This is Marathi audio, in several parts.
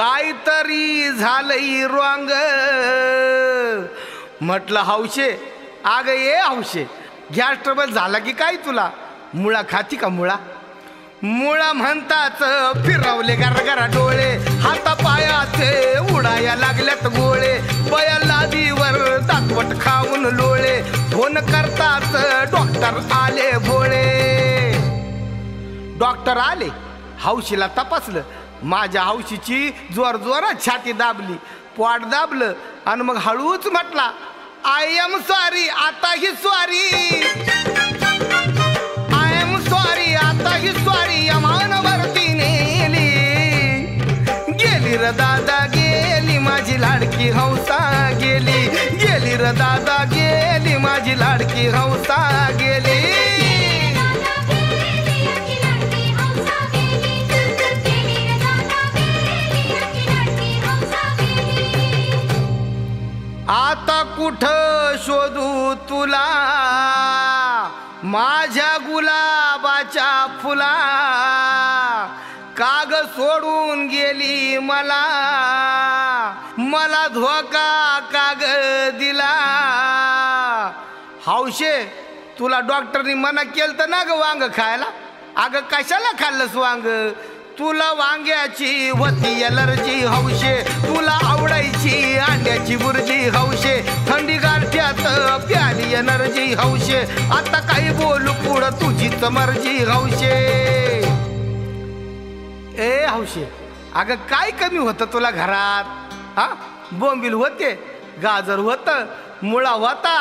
काहीतरी झालंय रोंग म्हटलं हौशे आग ये हौशे गॅस ट्रबल झाला की काय तुला मुळा खाती का मुळा मुळा म्हणतात फिरवले घरा डोळे हाता पायाचे उडाया लागल्यात गोळे बया लादीवर दातवट खाऊन लोळे फोन करताच डॉक्टर आले भोळे डॉक्टर आले हौशीला तपासलं माझ्या हौशीची जोर जोरात छाती दाबली पोट दाबलं आणि मग हळूच म्हटला आय एम सॉरी आता ही सॉरी आय एम सॉरी आता ही सॉरी यमान नेली गेली र दादा गेली माझी लाडकी हौसा गेली गेली र दादा गेली माझी लाडकी हौसा गेली कुठ शोधू तुला माझ्या गुलाबाच्या फुला काग सोडून गेली मला मला धोका काग दिला हौशे तुला डॉक्टरनी मना केलं तर ना ग वांग खायला अगं कशाला खाल्लंस वांग तुला वांग्याची वती एलर्जी हौशे तुला आवडायची अंड्याची बुर्जी हौशे थंडी गारठ्यात प्याली एनर्जी हौशे आता काही बोलू पुढं तुझी मर्जी हौशे ए हौशे अगं काय कमी होतं तुला घरात हा बोंबिल होते गाजर होतं मुळा होता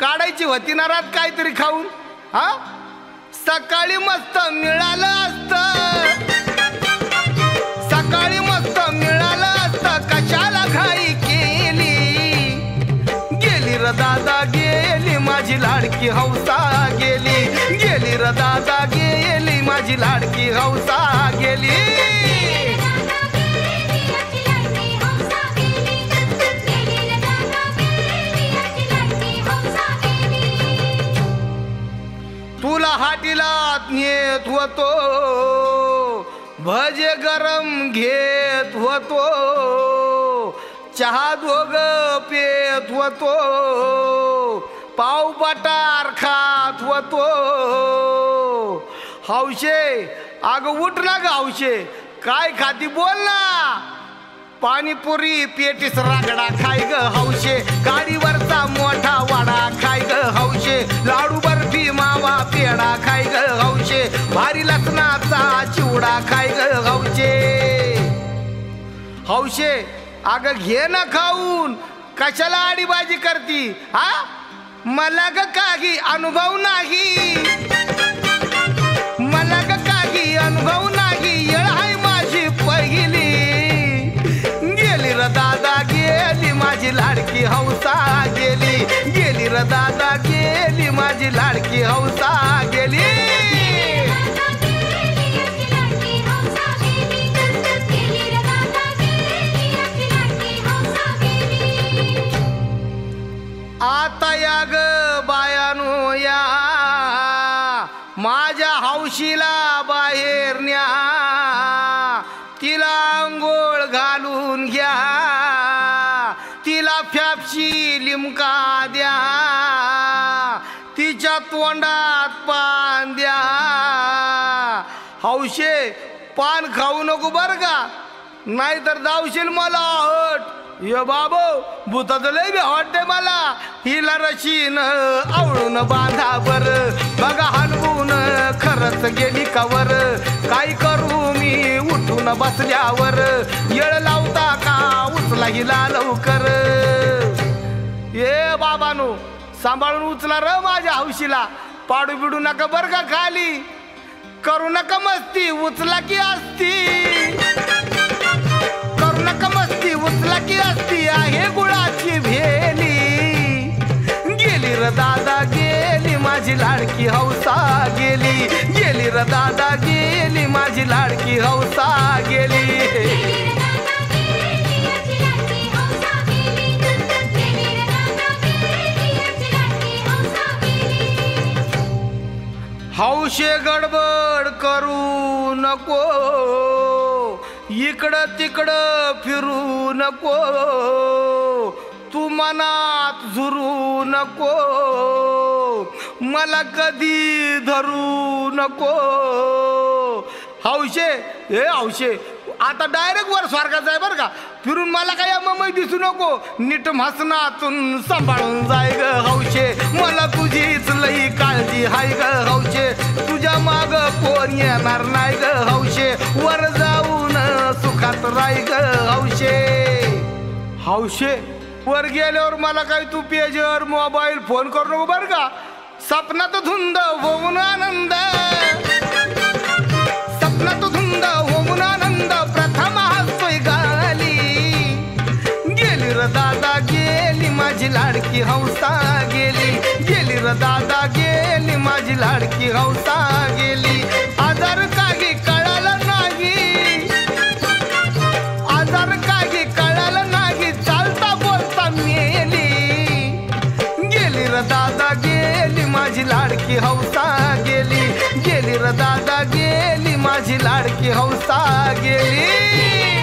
काढायची होती नारात काहीतरी खाऊन हा सकाळी मस्त मिळालं असतं माझी लाडकी हौसा गेली गेली र गेली माझी लाडकी हौसा गेली तुला हाटीला नेत होतो भजे गरम घेत होतो चहा दोघ पेत होतो पाव बटार खात तो हौशे आग उठला ग हौशे काय खाती बोल ना पाणीपुरी पेटीस रागडा खाय ग हौशे गाडीवरचा मोठा वाडा खाय ग हौशे लाडू बर्फी मावा पेडा खाय ग हौशे भारी लसणाचा चिवडा खाय ग हौशे हौशे अगं घे ना खाऊन कशाला आडीबाजी करती हा मला काही अनुभव नाही मला काही अनुभव नाही येळ हाय माझी पहिली गेली र दादा गेली माझी लाडकी हौसा गेली गेली र दादा गेली माझी लाडकी हौसा गेली पान खाऊ नको बर का नाहीतर जाऊशील मला हट ये बाबो भूतात लय बी हॉटे मला हिला रशीन आवळून बांधा बर बघा हलवून खरंच गेली कवर काय करू मी उठून बसल्यावर येळ लावता का उचला हिला लवकर ये बाबानो सांभाळून उचला र माझ्या हौशीला पाडू बिडू नका बर का खाली करू नका मस्ती उचला की असती करू नका मस्ती उचला की असती आहे गुळाची भेली गेली र दादा गेली माझी लाडकी हौसा गेली गेली र दादा गेली माझी लाडकी हौसा गेली हौशे गडबड करू नको इकडं तिकडं फिरू नको तू मनात झुरू नको मला कधी धरू नको हौशे हे हौशे आता डायरेक्ट वर स्वर्गाचा आहे बरं का फिरून मला काय मग दिसू नको नीट म्हसनातून सांभाळून जाय ग हौशे मला तुझीच लई काळजी हाय ग हौशे तुझ्या माग कोण येणार नाही ग हौशे वर जाऊन सुखात राय ग हौशे हौशे वर गेल्यावर मला काय तू पेजवर मोबाईल फोन करू नको बरं का सपनात धुंद होऊन आनंद माझी लाडकी हौसा गेली गेली र दादा गेली माझी लाडकी हौसा गेली आजार काही कळाला नाही आजार काही कळालं नाही चालता बोलता मेली गेली र दादा गेली माझी लाडकी हौसा गेली गेली र दादा गेली माझी लाडकी हौसा गेली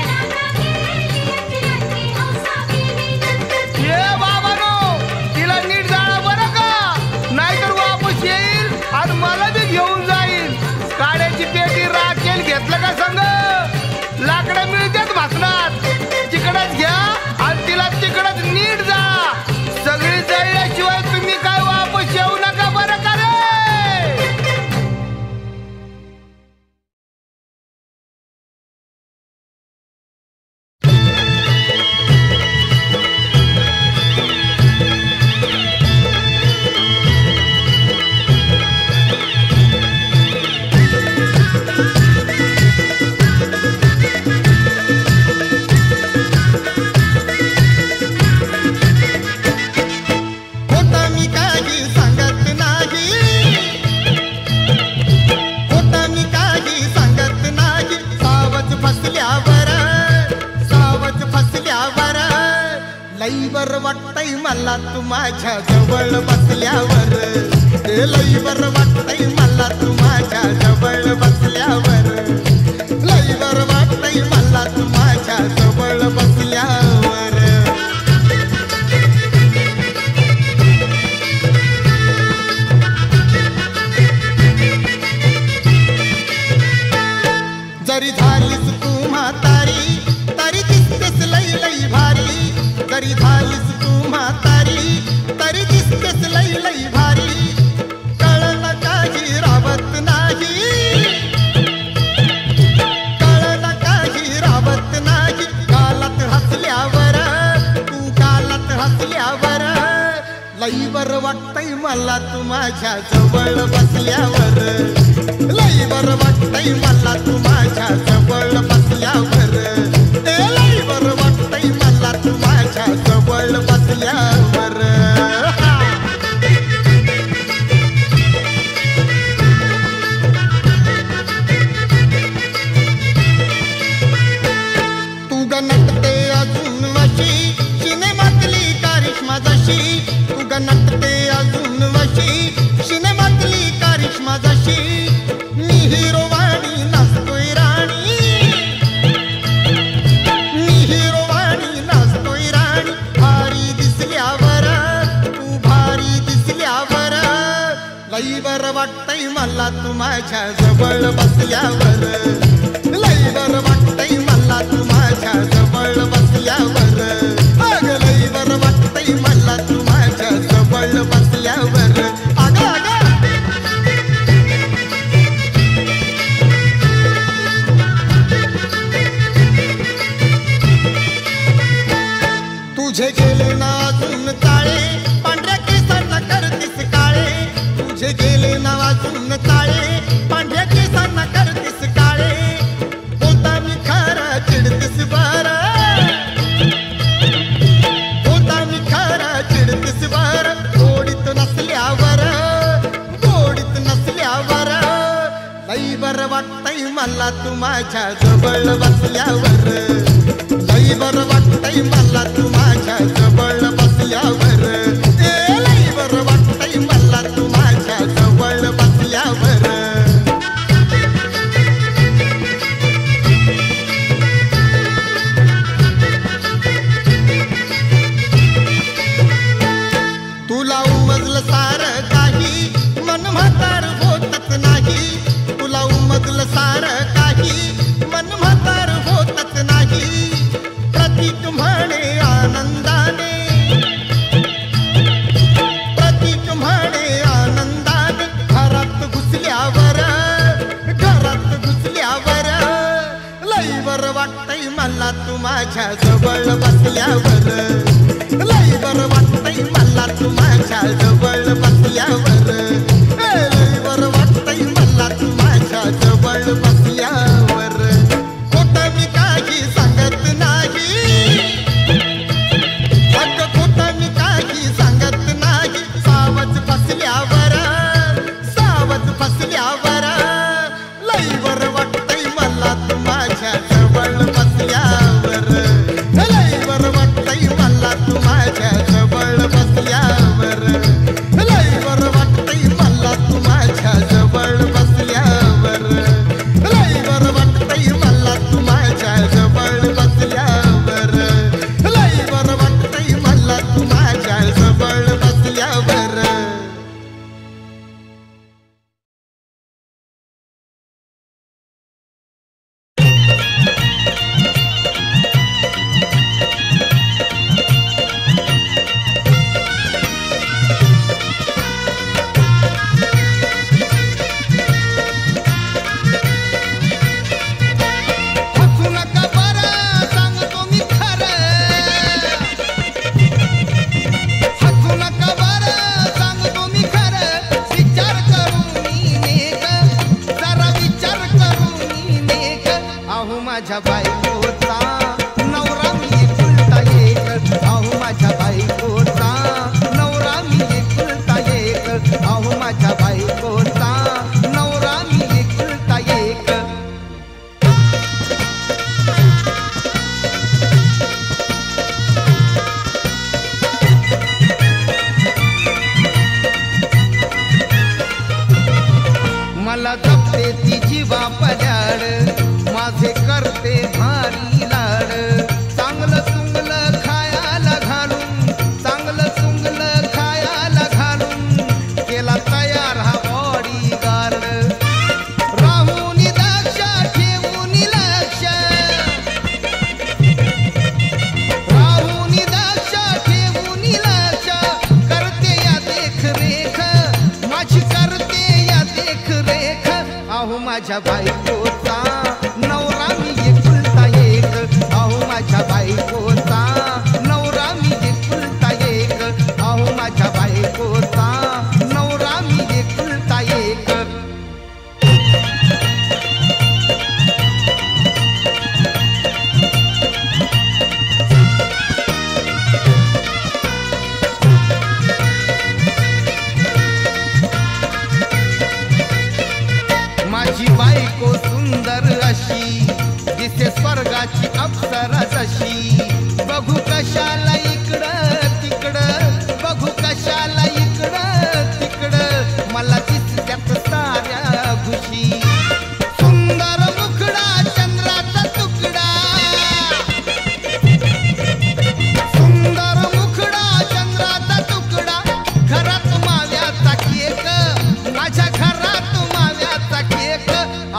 Cause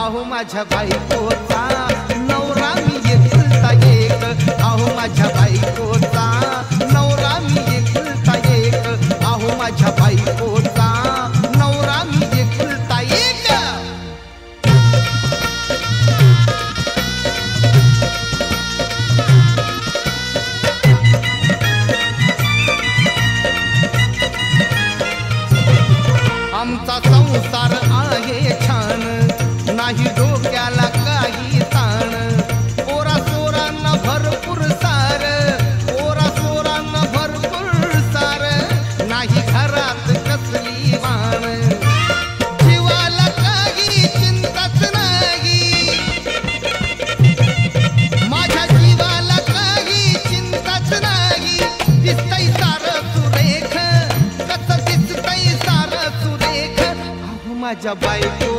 अहो माझ्या बायकोचा नवरा मी एकुलता एक अहो माझ्या बायकोचा नवरा मी एकुलता एक आहो माझ्या बाई बायकोचा जब बाई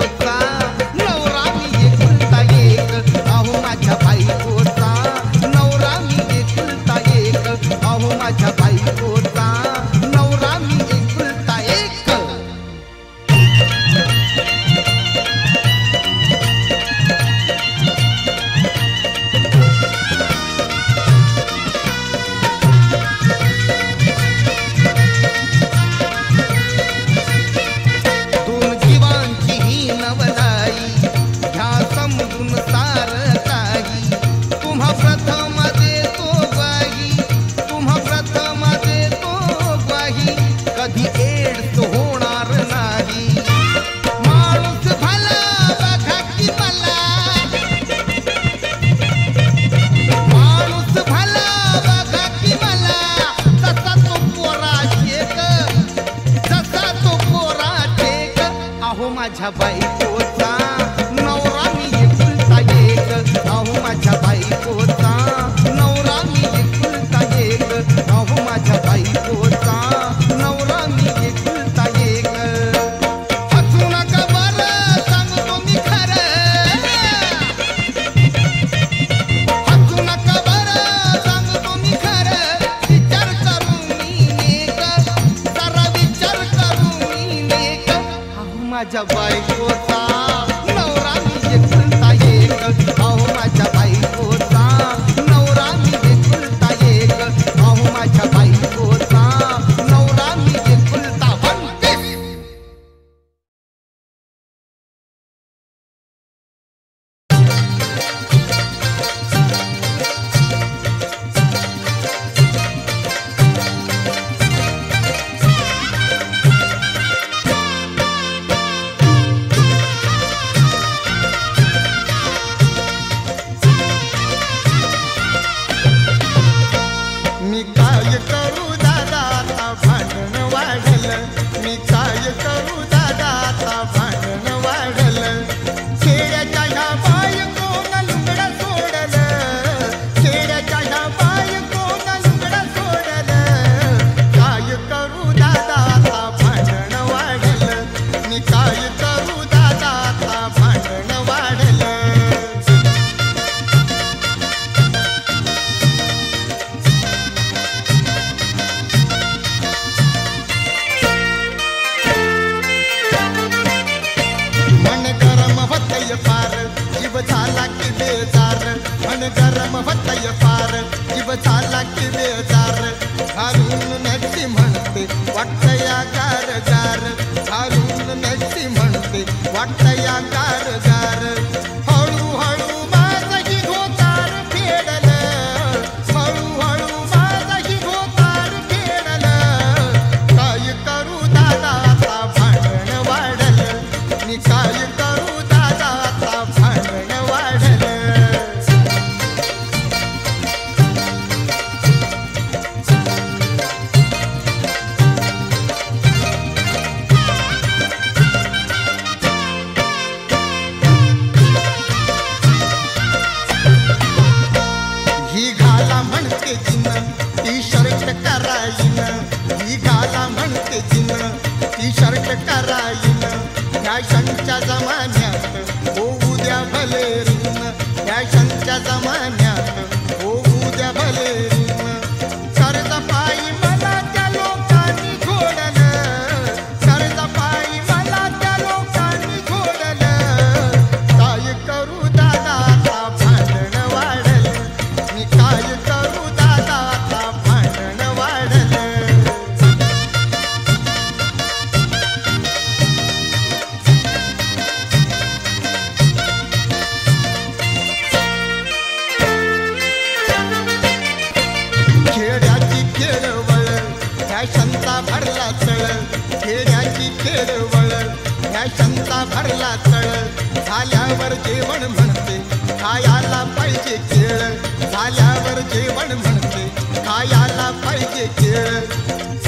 जेवण म्हणते खायाला पाहिजे खेळ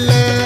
சொல்ல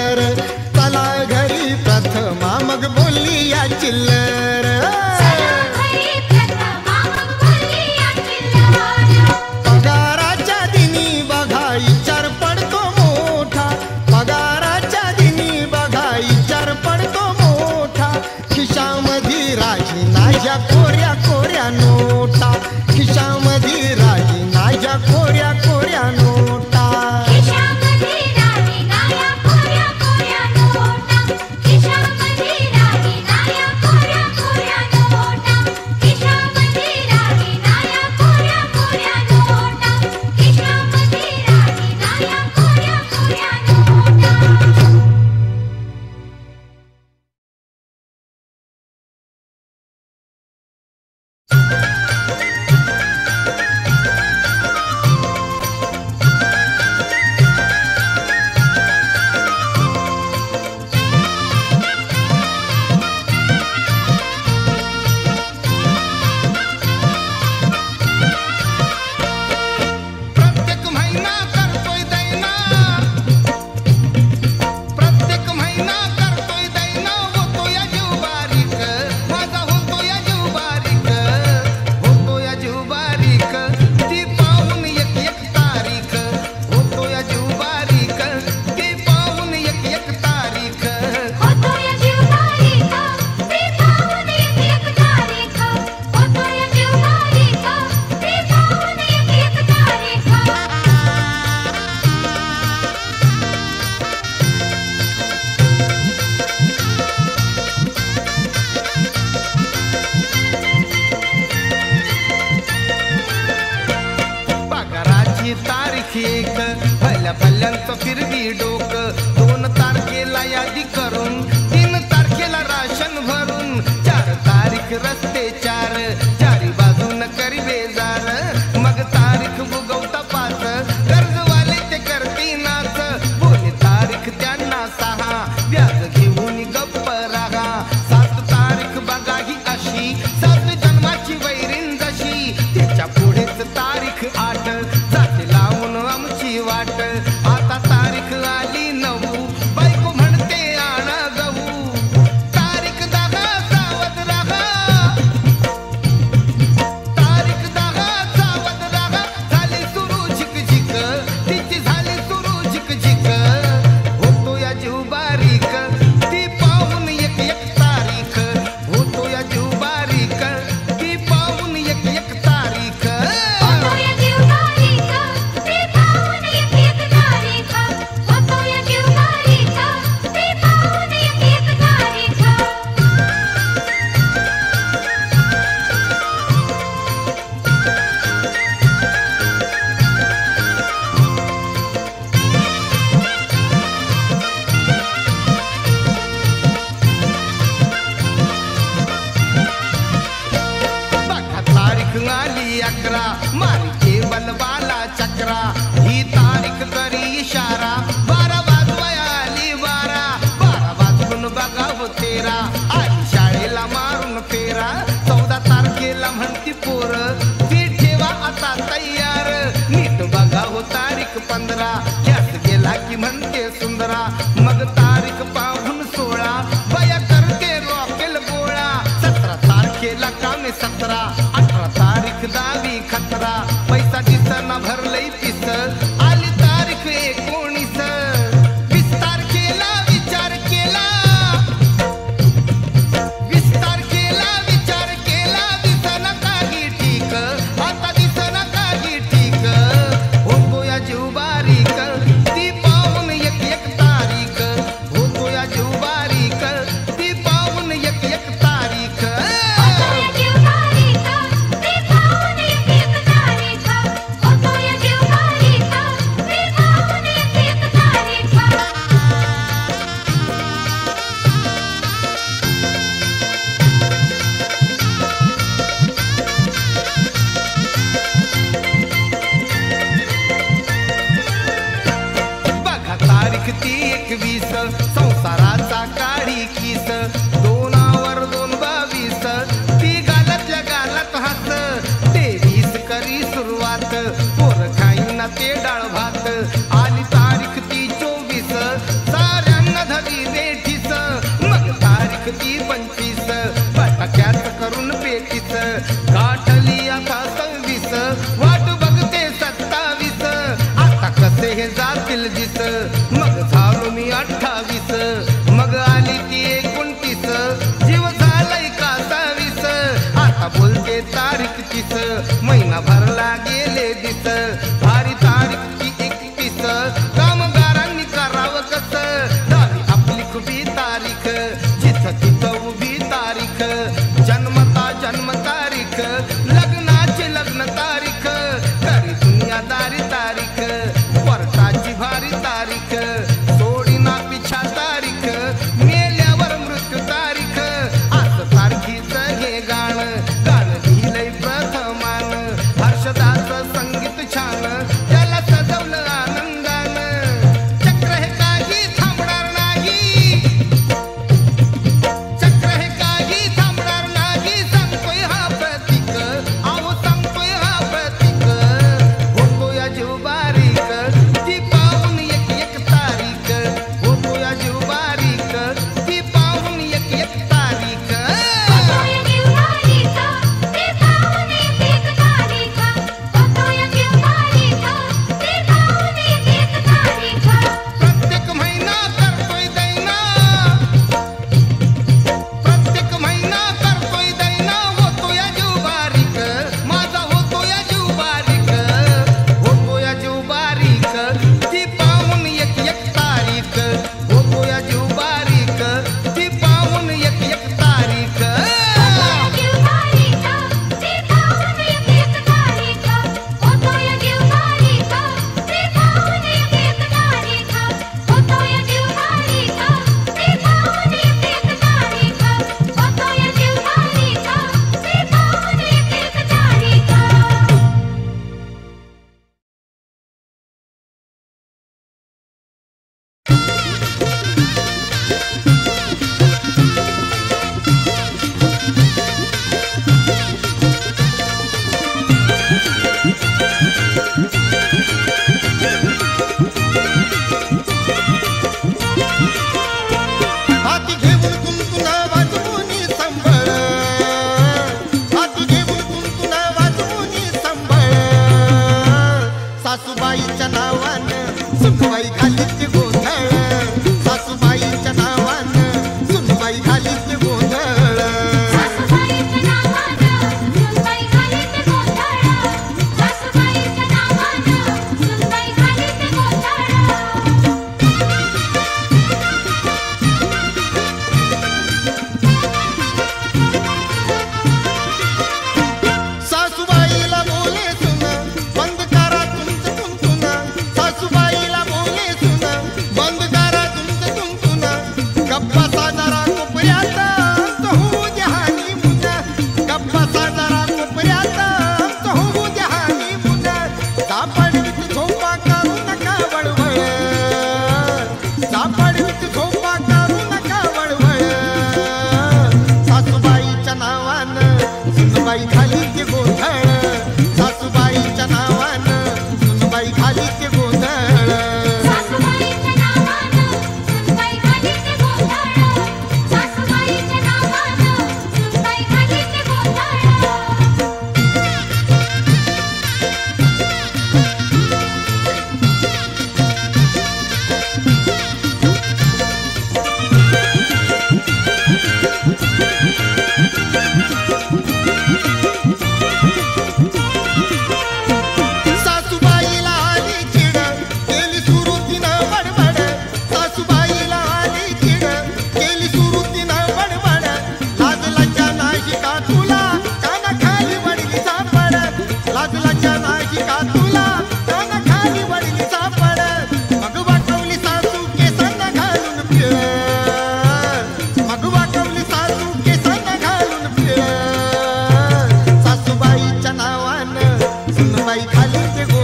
vai, vai,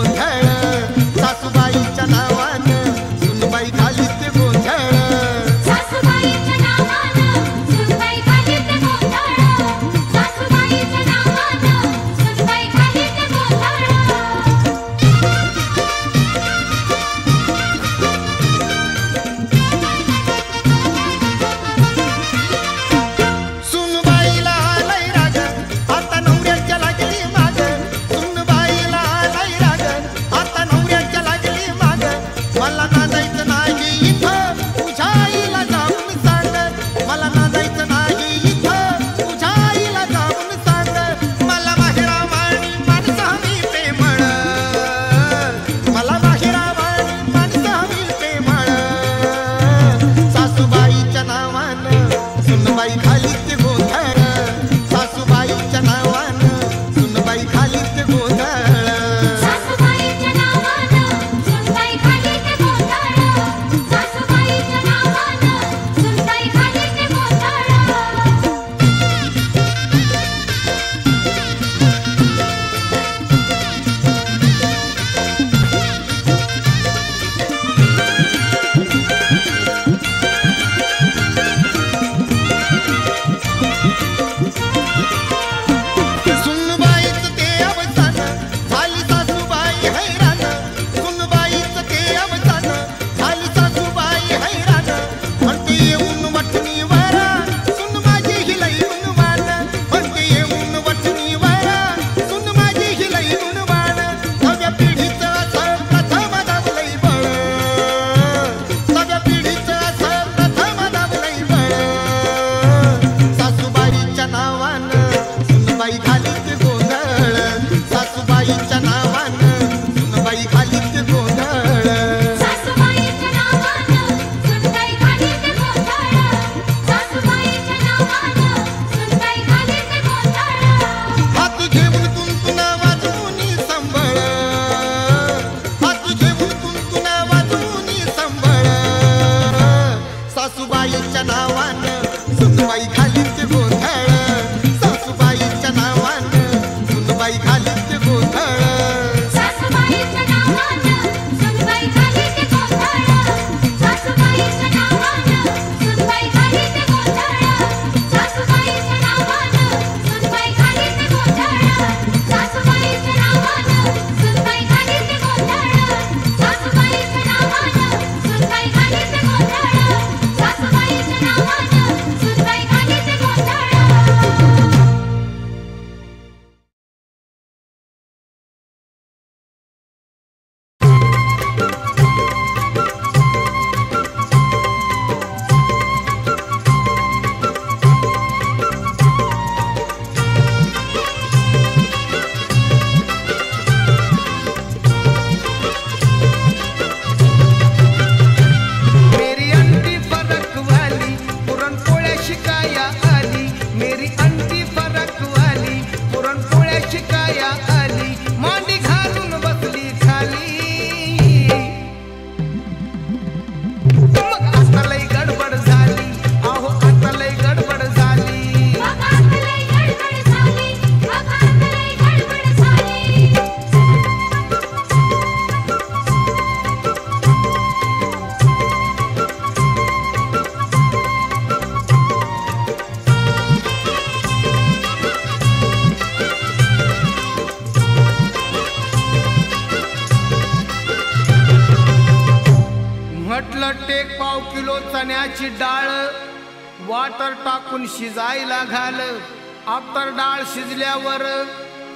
आपण शिजायला घाल आफ्टर डाळ शिजल्यावर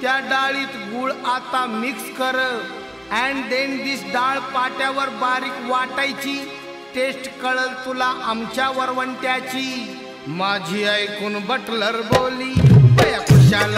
त्या डाळीत गूळ आता मिक्स कर अँड देन दिस डाळ पाट्यावर बारीक वाटायची टेस्ट कळल तुला आमच्या वरवंट्याची माझी ऐकून बटलर बोली खुशाल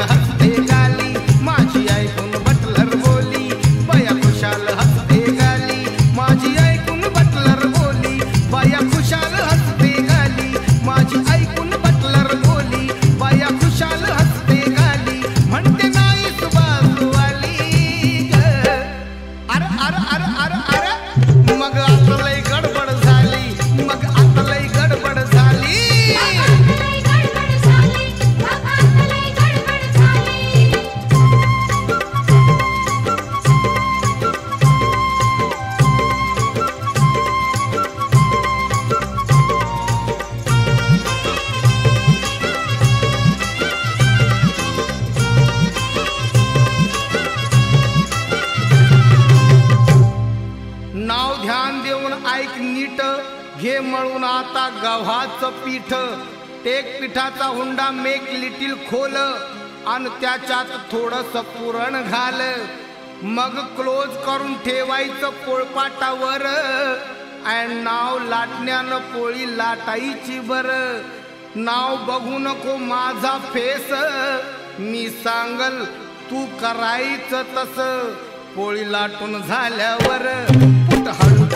पिठाचा हुंडा मेक लिटिल खोल आणि त्याच्यात थोडस पुरण घाल मग क्लोज करून ठेवायचं पोळपाटावर अँड नाव लाटण्यानं पोळी लाटायची बर नाव बघू नको माझा फेस मी सांगल तू करायचं तस पोळी लाटून झाल्यावर पुट हळूच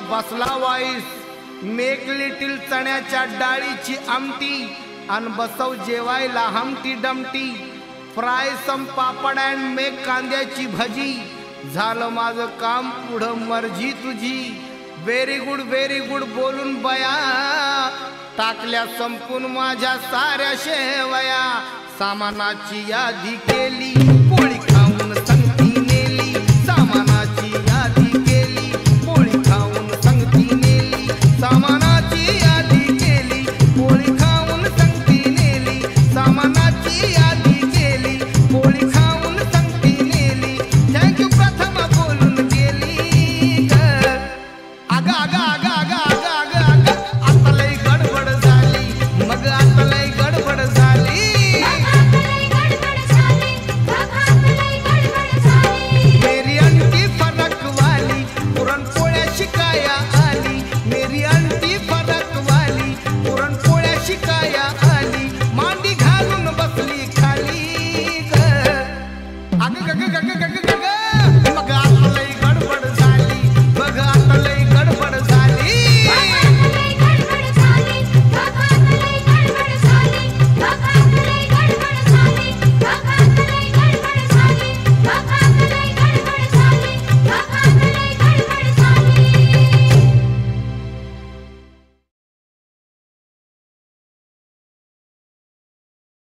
देवा बसला वाईस लिटिल चण्याच्या डाळीची आमटी आणि बसव जेवायला Humpty Dumpty fry some papad and make कांद्याची भजी झालं माझं काम पुढं मर्जी तुझी व्हेरी गुड व्हेरी गुड बोलून बया टाकल्या संपून माझ्या साऱ्या शेवया सामानाची यादी केली